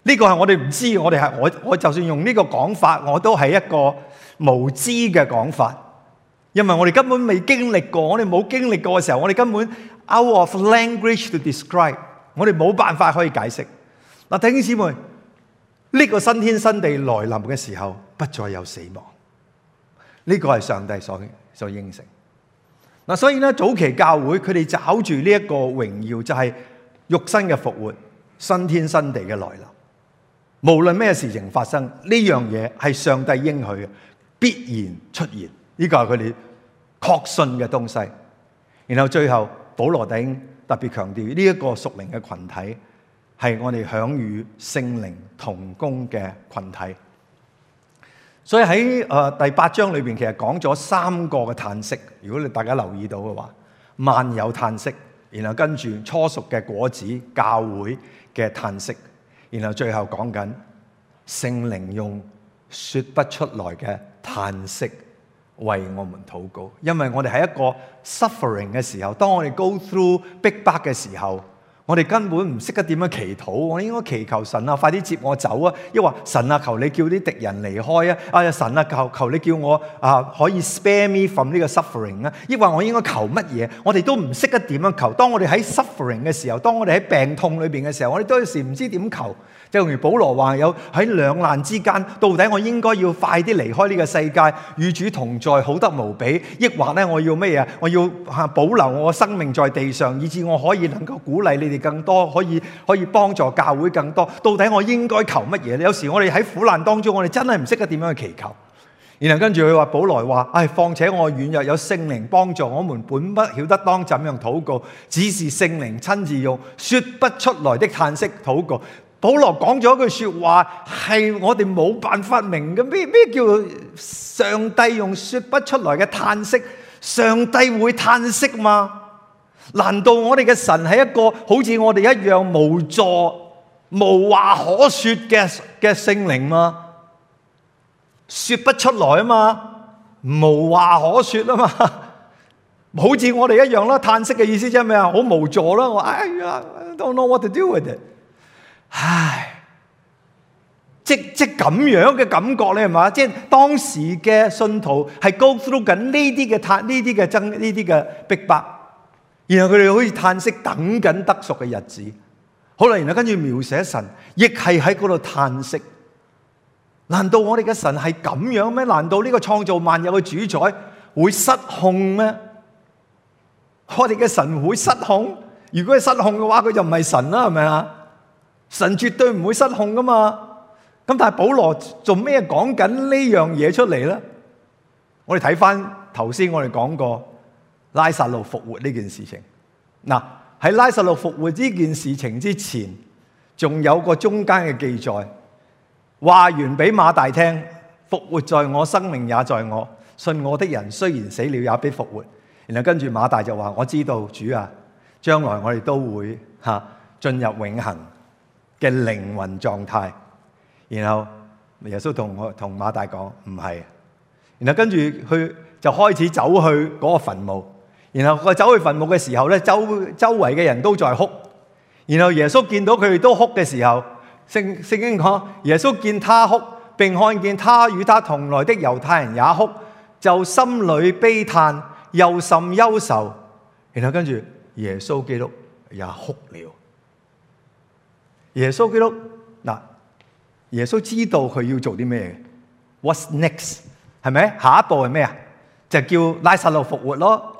呢、這個係我哋唔知道，我哋係我我就算用呢個講法，我都係一個無知嘅講法。因為我哋根本未經歷過，我哋冇經歷過嘅時候，我哋根本 out of language to describe，我哋冇辦法可以解釋。嗱，弟兄姊妹，呢個新天新地來臨嘅時候，不再有死亡。呢個係上帝所所應承。嗱，所以呢，早期教會佢哋找住呢一個榮耀，就係肉身嘅復活、新天新地嘅來臨。無論咩事情發生，呢樣嘢係上帝應許嘅，必然出現。呢個係佢哋。確信嘅東西，然後最後保羅頂特別強調呢一個屬靈嘅群體係我哋享與聖靈同工嘅群體。所以喺誒、呃、第八章裏邊，其實講咗三個嘅嘆息。如果你大家留意到嘅話，萬有嘆息，然後跟住初熟嘅果子教會嘅嘆息，然後最後講緊聖靈用說不出來嘅嘆息。為我們禱告，因為我哋喺一個 suffering 嘅時候，當我哋 go through big b 逼迫嘅時候，我哋根本唔識得點樣祈禱。我哋應該祈求神啊，快啲接我走啊！抑或神啊，求你叫啲敵人離開啊！呀，神啊，求求你叫我啊，可以 spare me from 呢個 suffering 啊！抑或我應該求乜嘢？我哋都唔識得點樣求。當我哋喺 suffering 嘅時候，當我哋喺病痛裏邊嘅時候，我哋都有時唔知點求。就如保羅話，有喺兩難之間，到底我應該要快啲離開呢個世界，與主同在，好得無比，抑或我要咩嘢？我要保留我生命在地上，以至我可以能夠鼓勵你哋更多，可以可以幫助教會更多。到底我應該求乜嘢？有時我哋喺苦難當中，我哋真係唔識得點樣去祈求。然後跟住佢話保羅話：唉、哎，況且我軟弱，有聖靈幫助，我們本不曉得當怎樣禱告，只是聖靈親自用說不出來的嘆息禱告。保羅講咗一句說話，係我哋冇辦法明嘅。咩咩叫上帝用說不出來嘅嘆息？上帝會嘆息嘛？難道我哋嘅神係一個好似我哋一樣無助、無話可說嘅嘅聖靈嘛？說不出來啊嘛，無話可說啊嘛，好似我哋一樣啦。嘆息嘅意思即係咩啊，好無助啦。我哎呀，I don't know what to do with it。唉，即即咁樣嘅感覺你係嘛？即當時嘅信徒係 go through 緊呢啲嘅嘆，呢啲嘅爭，呢啲嘅逼迫，然後佢哋好似嘆息，等緊得贖嘅日子。好啦，然後跟住描寫神，亦係喺嗰度嘆息。難道我哋嘅神係咁樣咩？難道呢個創造萬有嘅主宰會失控咩？我哋嘅神會失控？如果係失控嘅話，佢就唔係神啦，係咪啊？神絕對唔會失控噶嘛，咁但係保羅做咩講緊呢樣嘢出嚟呢？我哋睇翻頭先，我哋講過拉撒路復活呢件事情。嗱，喺拉撒路復活呢件事情之前，仲有個中間嘅記載，話完俾馬大聽，復活在我，生命也在我，信我的人雖然死了也必復活。然後跟住馬大就話：我知道主啊，將來我哋都會吓進入永恆。嘅靈魂狀態，然後耶穌同我同馬大講唔係，然後跟住佢就開始走去嗰個墳墓，然後佢走去墳墓嘅時候咧，周周圍嘅人都在哭，然後耶穌見到佢哋都哭嘅時候，聖聖經講耶穌見他哭，並看見他與他同來的猶太人也哭，就心裏悲嘆又甚憂愁，然後跟住耶穌基督也哭了。耶穌基督嗱，耶穌知道佢要做啲咩嘅？What's next？係咪？下一步係咩啊？就叫拉撒路復活咯。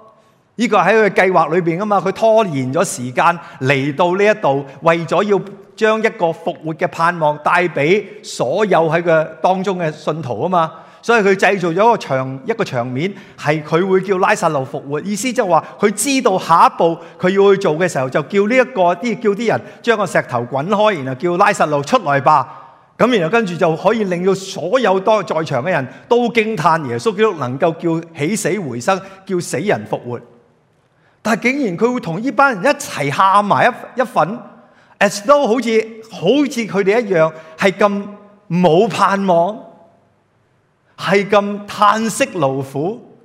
呢個喺佢計劃裏邊啊嘛，佢拖延咗時間嚟到呢一度，為咗要將一個復活嘅盼望帶俾所有喺佢當中嘅信徒啊嘛。所以佢製造咗一個場一個場面，係佢會叫拉撒路復活，意思即係話佢知道下一步佢要去做嘅時候，就叫呢、這、一個啲叫啲人將個石頭滾開，然後叫拉撒路出來吧。咁然後跟住就可以令到所有多在場嘅人都驚歎，耶穌基督能夠叫起死回生，叫死人復活。但係竟然佢會同呢班人一齊喊埋一一份，as though 好似好似佢哋一樣係咁冇盼望。係咁嘆息勞苦，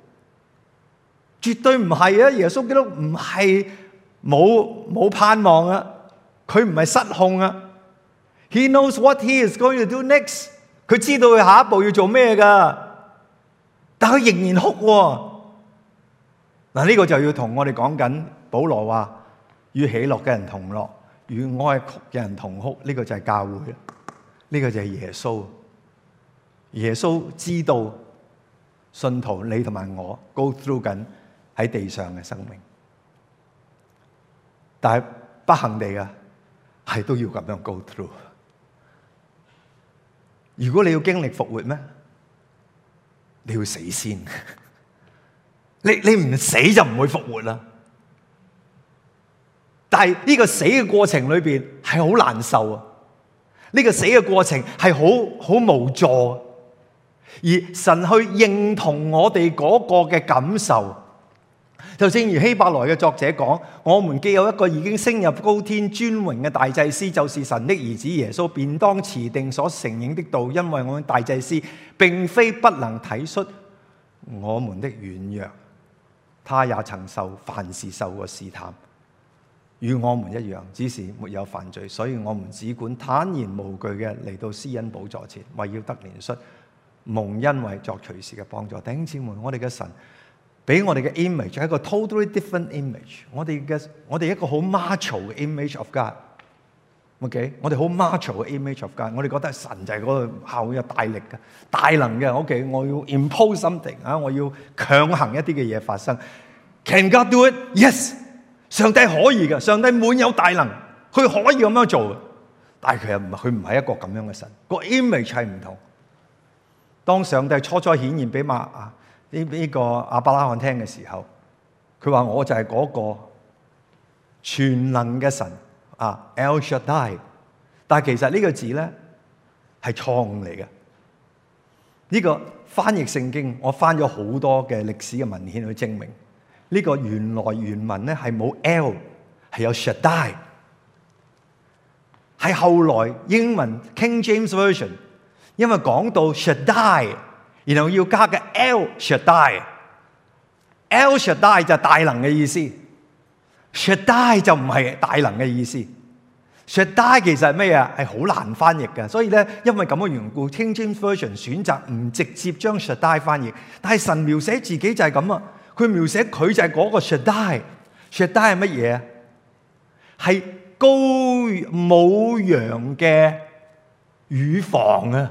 絕對唔係啊！耶穌基督唔係冇冇盼望啊！佢唔係失控啊！He knows what he is going to do next，佢知道佢下一步要做咩㗎，但佢仍然哭、啊。嗱、這、呢個就要同我哋講緊，保羅話：與喜樂嘅人同樂，與哀哭嘅人同哭。呢、這個就係教會，呢、這個就係耶穌。耶穌知道信徒你同埋我 go through 緊喺地上嘅生命，但係不幸地啊，係都要咁樣 go through。如果你要經歷復活咩？你要死先，你你唔死就唔會復活啦。但係呢個死嘅過程裏邊係好難受啊！呢個死嘅過程係好好無助而神去認同我哋嗰個嘅感受，就正如希伯來嘅作者講：我們既有一個已經升入高天尊榮嘅大祭司，就是神的兒子耶穌，便當持定所承認的道，因為我們大祭司並非不能體恤我們的軟弱，他也曾受凡事受過試探，與我們一樣，只是沒有犯罪，所以我們只管坦然無懼嘅嚟到施恩寶座前，為要得憐恤。蒙恩惠作隨時嘅幫助。弟兄姊妹，我哋嘅神俾我哋嘅 image 係一個 totally different image 我。我哋嘅我哋一個好 martial 嘅 image of God。O.K. 我哋好 martial 嘅 image of God。我哋覺得神就係嗰個效應大力嘅大能嘅。O.K. 我要 impose something 啊，我要強行一啲嘅嘢發生。Can God do it? Yes，上帝可以嘅。上帝滿有大能，佢可以咁樣做。但係佢又唔係，佢唔係一個咁樣嘅神，個 image 係唔同。當上帝初初顯現俾馬啊呢呢個阿伯拉罕聽嘅時候，佢話我就係嗰個全能嘅神啊，El Shaddai。但係其實呢個字咧係錯誤嚟嘅。呢個翻譯聖經我翻咗好多嘅歷史嘅文獻去證明，呢個原來原文咧係冇 L，係有 Shaddai，係後來英文 King James Version。因為講到 Shaddai，然後要加個 El Shaddai，El Shaddai 就係大能嘅意思，Shaddai 就唔係大能嘅意思。Shaddai 其實係咩啊？係好難翻譯嘅，所以咧因為咁嘅緣故，清 j version 選擇唔直接將 Shaddai 翻譯，但係神描寫自己就係咁啊，佢描寫佢就係個 Shaddai。Shaddai 係乜嘢啊？係高母羊嘅乳房啊。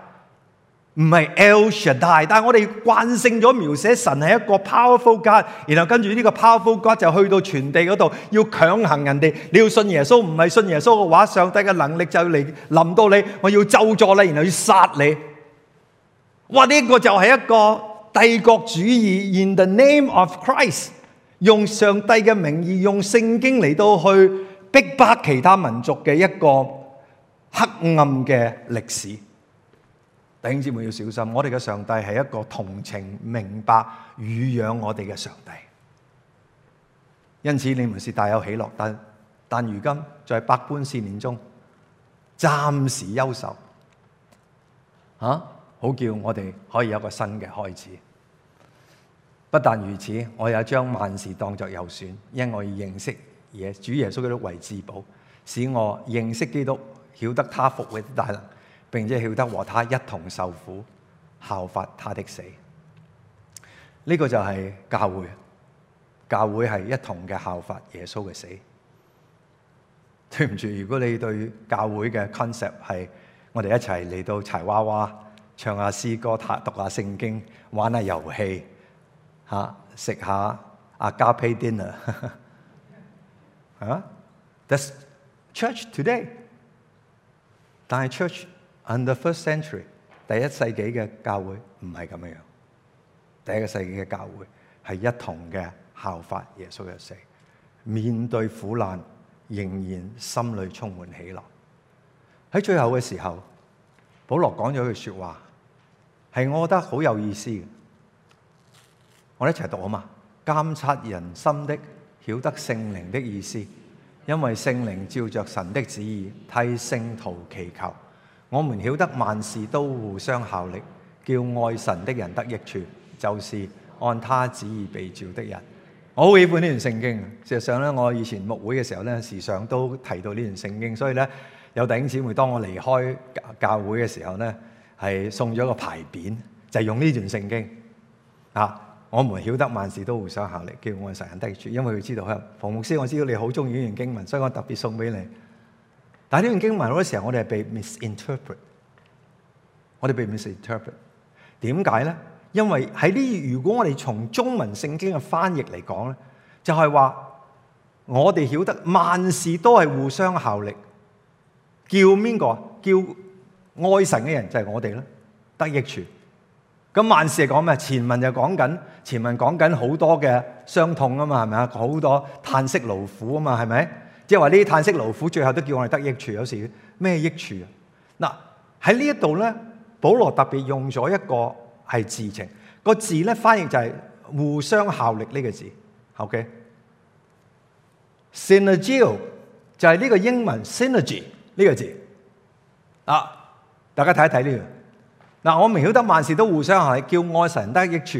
唔係 El Shaddai，但係我哋慣性咗描寫神係一個 powerful god，然後跟住呢個 powerful god 就去到全地嗰度要強行人哋，你要信耶穌，唔係信耶穌嘅話，上帝嘅能力就要嚟臨到你，我要咒助你，然後要殺你。哇！呢、這個就係一個帝國主義 in the name of Christ，用上帝嘅名義，用聖經嚟到去逼迫其他民族嘅一個黑暗嘅歷史。弟兄姊妹要小心，我哋嘅上帝係一個同情、明白、予養我哋嘅上帝。因此，你們是大有喜樂，但但如今在、就是、百般試煉中，暫時憂愁，啊，好叫我哋可以有一個新嘅開始。不但如此，我也將萬事當作有損，因我以認識嘢，主耶穌基督為至寶，使我認識基督，曉得他復活的大能。並且曉得和他一同受苦，效法他的死。呢、這個就係教會。教會係一同嘅效法耶穌嘅死。對唔住，如果你對教會嘅 concept 係我哋一齊嚟到柴娃娃唱下詩歌、讀下聖經、玩下遊戲、嚇食下阿加披丁啊嚇，That's church today。但係 church。Under first century 第一世紀嘅教會唔係咁樣，第一個世紀嘅教會係一同嘅效法耶穌嘅死，面對苦難，仍然心裏充滿喜樂。喺最後嘅時候，保羅講咗句說話，係我覺得好有意思，我哋一齊讀好嘛？監察人心的曉得聖靈的意思，因為聖靈照着神的旨意替聖徒祈求。我們曉得萬事都互相效力，叫愛神的人得益處，就是按他旨意被召的人。我好喜歡呢段聖經，事實上咧，我以前牧會嘅時候咧，時常都提到呢段聖經，所以咧有弟兄姊妹當我離開教教會嘅時候咧，係送咗個牌匾，就係用呢段聖經啊。我們曉得萬事都互相效力，叫愛神人得益處，因為佢知道，馮牧師，我知道你好中意呢段經文，所以我特別送俾你。但係呢段經文好多時候，我哋係被 misinterpret，我哋被 misinterpret。點解咧？因為喺呢，如果我哋從中文聖經嘅翻譯嚟講咧，就係話我哋曉得萬事都係互相效力。叫邊個？叫愛神嘅人就係我哋啦，得益處。咁萬事係講咩？前文就講緊，前文講緊好多嘅傷痛啊嘛，係咪啊？好多嘆息勞苦啊嘛，係咪？即係話呢啲嘆息勞苦，最後都叫我哋得益處。有時咩益處啊？嗱，喺呢一度咧，保羅特別用咗一個係字情、那個字咧，翻譯就係互相效力呢個字。OK，synergy、okay？就係呢個英文 synergy 呢個字啊！大家睇一睇呢樣嗱，我明曉得萬事都互相效力，叫愛神得益處。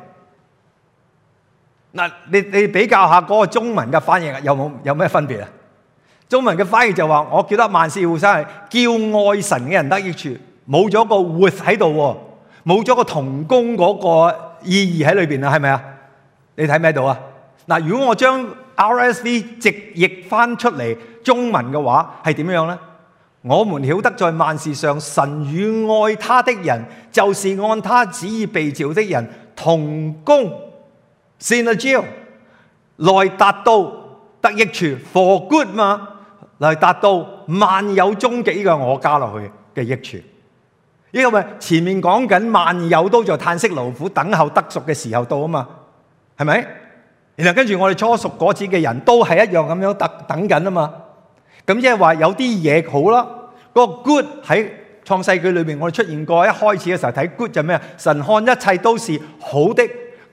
嗱，你你比較下嗰個中文嘅翻譯，有冇有咩分別啊？中文嘅翻譯就話我記得萬事互相叫愛神嘅人得益處，冇咗個 with 喺度喎，冇咗個同工嗰個意義喺裏邊啦，係咪啊？你睇咩度啊？嗱，如果我將 RSV 直譯翻出嚟中文嘅話，係點樣咧？我們曉得在萬事上，神與愛他的人，就是按他旨意被召的人同工。先啊，Joe，嚟達到得益處 for good 嘛？來達到萬有終極嘅我加落去嘅益處。呢個咪前面講緊萬有都在嘆息、勞苦、等候得熟嘅時候到啊嘛？係咪？然後跟住我哋初熟果子嘅人都係一樣咁樣等等緊啊嘛？咁即係話有啲嘢好啦。嗰個 good 喺創世記裏面我哋出現過，一開始嘅時候睇 good 就咩啊？神看一切都是好的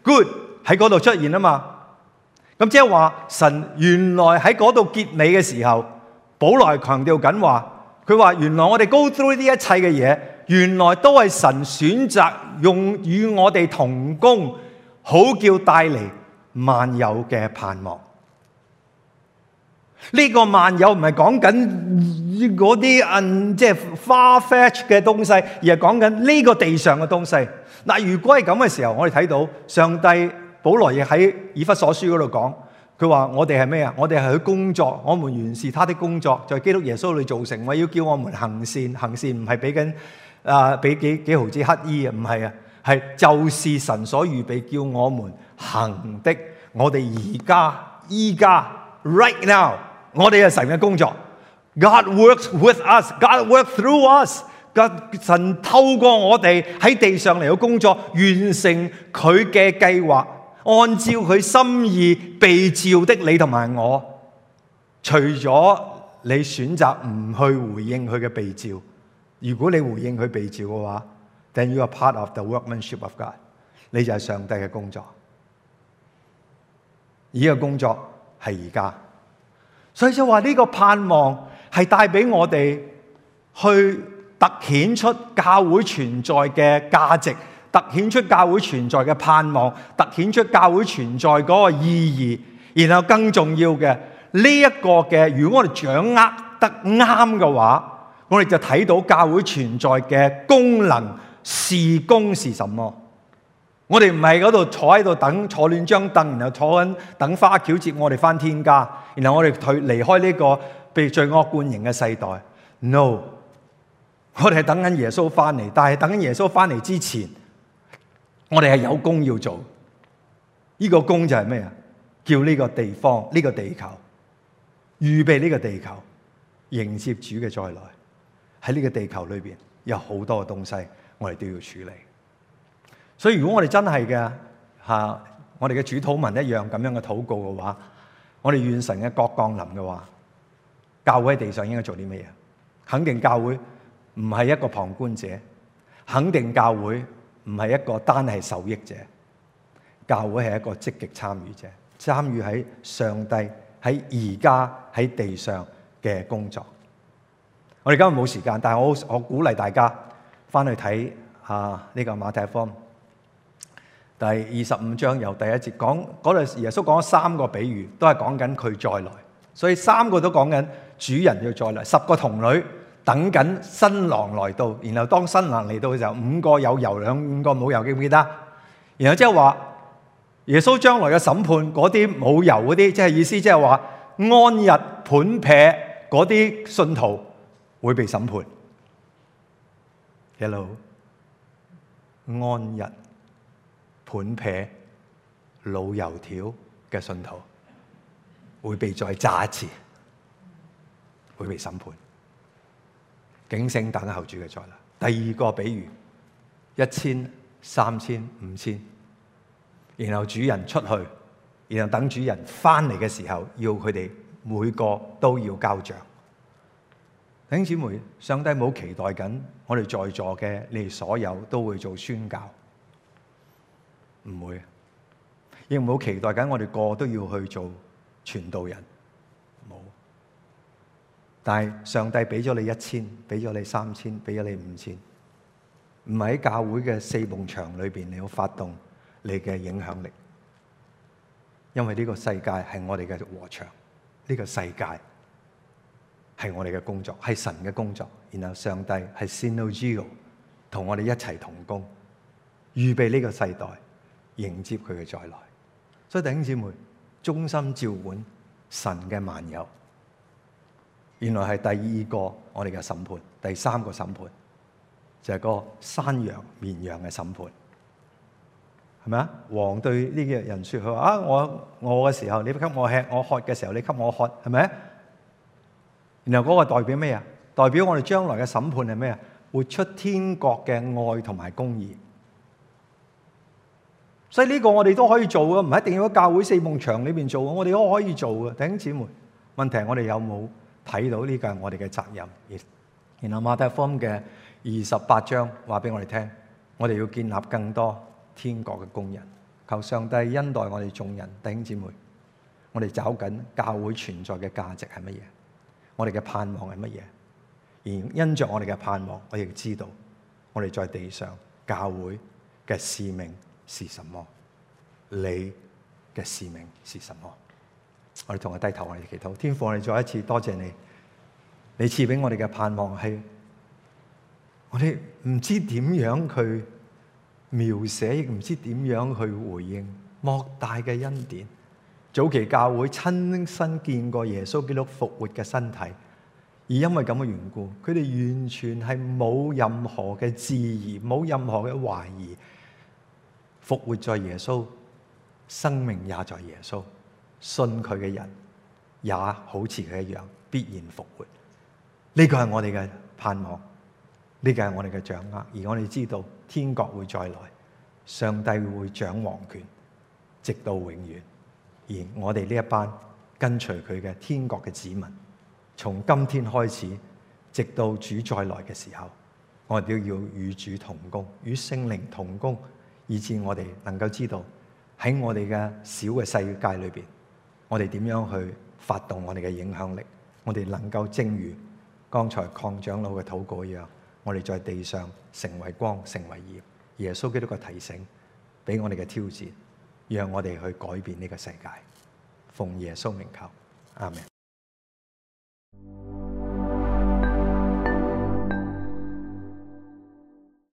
good。喺嗰度出現啊嘛，咁即係話神原來喺嗰度結尾嘅時候，保羅強調緊話，佢話原來我哋 go through 呢一切嘅嘢，原來都係神選擇用與我哋同工，好叫帶嚟萬有嘅盼望。呢、這個萬有唔係講緊嗰啲嗯即係 far-fetched 嘅東西，而係講緊呢個地上嘅東西。嗱，如果係咁嘅時候，我哋睇到上帝。好耐嘢，喺以弗所書嗰度講，佢話我哋係咩啊？我哋係去工作，我們原是他的工作，在、就是、基督耶穌嚟造成。我要叫我們行善，行善唔係俾緊啊俾幾幾毫子乞兒啊，唔係啊，係就是神所預備叫我們行的。我哋而家依家 right now，我哋係神嘅工作。God works with us, God works through us。神透過我哋喺地上嚟去工作，完成佢嘅計劃。按照佢心意被召的你同埋我，除咗你選擇唔去回應佢嘅被召，如果你回應佢被召嘅話，then you are part of the workmanship of God，你就係上帝嘅工作。而呢個工作係而家，所以就話呢個盼望係帶俾我哋去凸顯出教會存在嘅價值。突顯出教會存在嘅盼望，突顯出教會存在嗰個意義。然後更重要嘅，呢、這、一個嘅，如果我哋掌握得啱嘅話，我哋就睇到教會存在嘅功能事功是什麼。我哋唔係嗰度坐喺度等坐亂張凳，然後坐緊等花轎接我哋翻天家，然後我哋退離開呢、這個被罪惡冠型嘅世代。No，我哋係等緊耶穌翻嚟，但係等緊耶穌翻嚟之前。我哋係有工要做，呢、這個工就係咩啊？叫呢個地方、呢、這個地球預備呢個地球，迎接主嘅再來。喺呢個地球裏邊，有好多嘅東西，我哋都要處理。所以如果我哋真係嘅吓，我哋嘅主禱文一樣咁樣嘅禱告嘅話，我哋願神嘅國降臨嘅話，教會喺地上應該做啲咩嘢？肯定教會唔係一個旁觀者，肯定教會。唔係一個單係受益者，教會係一個積極參與者，參與喺上帝喺而家喺地上嘅工作。我哋今日冇時間，但係我我鼓勵大家翻去睇下呢個馬太福音第二十五章由第一節講嗰陣，講時耶穌講咗三個比喻，都係講緊佢再來，所以三個都講緊主人要再來，十個童女。等緊新郎來到，然後當新郎嚟到嘅時候，五個有油，兩個，五個冇油，記唔記得？然後即係話，耶穌將來嘅審判，嗰啲冇油嗰啲，即係意思即係話，安日盤撇嗰啲信徒會被審判。Hello，安日盤撇老油條嘅信徒會被再炸一次，會被審判。警醒等候主嘅再來。第二個比喻，一千、三千、五千，然後主人出去，然後等主人翻嚟嘅時候，要佢哋每個都要交賬。弟兄姊妹，上帝冇期待緊我哋在座嘅，你哋所有都會做宣教，唔會。亦冇期待緊我哋個個都要去做傳道人。但係上帝畀咗你一千，畀咗你三千，畀咗你五千，唔係喺教會嘅四埲牆裏邊，你要發動你嘅影響力，因為呢個世界係我哋嘅禾場，呢、這個世界係我哋嘅工作，係神嘅工作，然後上帝係先到基督同我哋一齊同工，預備呢個世代迎接佢嘅再來，所以弟兄姊妹忠心召喚神嘅萬有。原來係第二個我哋嘅審判，第三個審判就係、是、個山羊、綿羊嘅審判，係咪啊？王對呢啲人說：佢話啊，我餓嘅時候你給我吃，我渴嘅時候你給我喝，係咪？然後嗰個代表咩啊？代表我哋將來嘅審判係咩啊？活出天國嘅愛同埋公義。所以呢個我哋都可以做嘅，唔一定要喺教會四望牆裏邊做，我哋都可以做嘅。弟兄姊妹，問題係我哋有冇？睇到呢個係我哋嘅責任，而然後馬太福音嘅二十八章話俾我哋聽，我哋要建立更多天國嘅工人，求上帝恩待我哋眾人。弟兄姊妹，我哋找緊教會存在嘅價值係乜嘢？我哋嘅盼望係乜嘢？而因着我哋嘅盼望，我亦知道我哋在地上教會嘅使命是什麼，你嘅使命是什麼。我哋同佢低頭，我哋祈禱。天父，我哋再一次多謝你，你賜俾我哋嘅盼望係，我哋唔知點樣去描寫，亦唔知點樣去回應莫大嘅恩典。早期教會親身見過耶穌基督復活嘅身體，而因為咁嘅緣故，佢哋完全係冇任何嘅質疑，冇任何嘅懷疑。復活在耶穌，生命也在耶穌。信佢嘅人，也好似佢一樣，必然復活。呢個係我哋嘅盼望，呢個係我哋嘅掌握。而我哋知道天國會再來，上帝會掌王權，直到永遠，而我哋呢一班跟隨佢嘅天國嘅子民，從今天開始，直到主再來嘅時候，我哋都要與主同工，與聖靈同工，以至我哋能夠知道喺我哋嘅小嘅世界裏邊。我哋點樣去發動我哋嘅影響力？我哋能夠正如剛才鄺長老嘅禱告一樣，我哋在地上成為光，成為鹽。耶穌基督嘅提醒，俾我哋嘅挑戰，讓我哋去改變呢個世界。奉耶穌名求，阿門。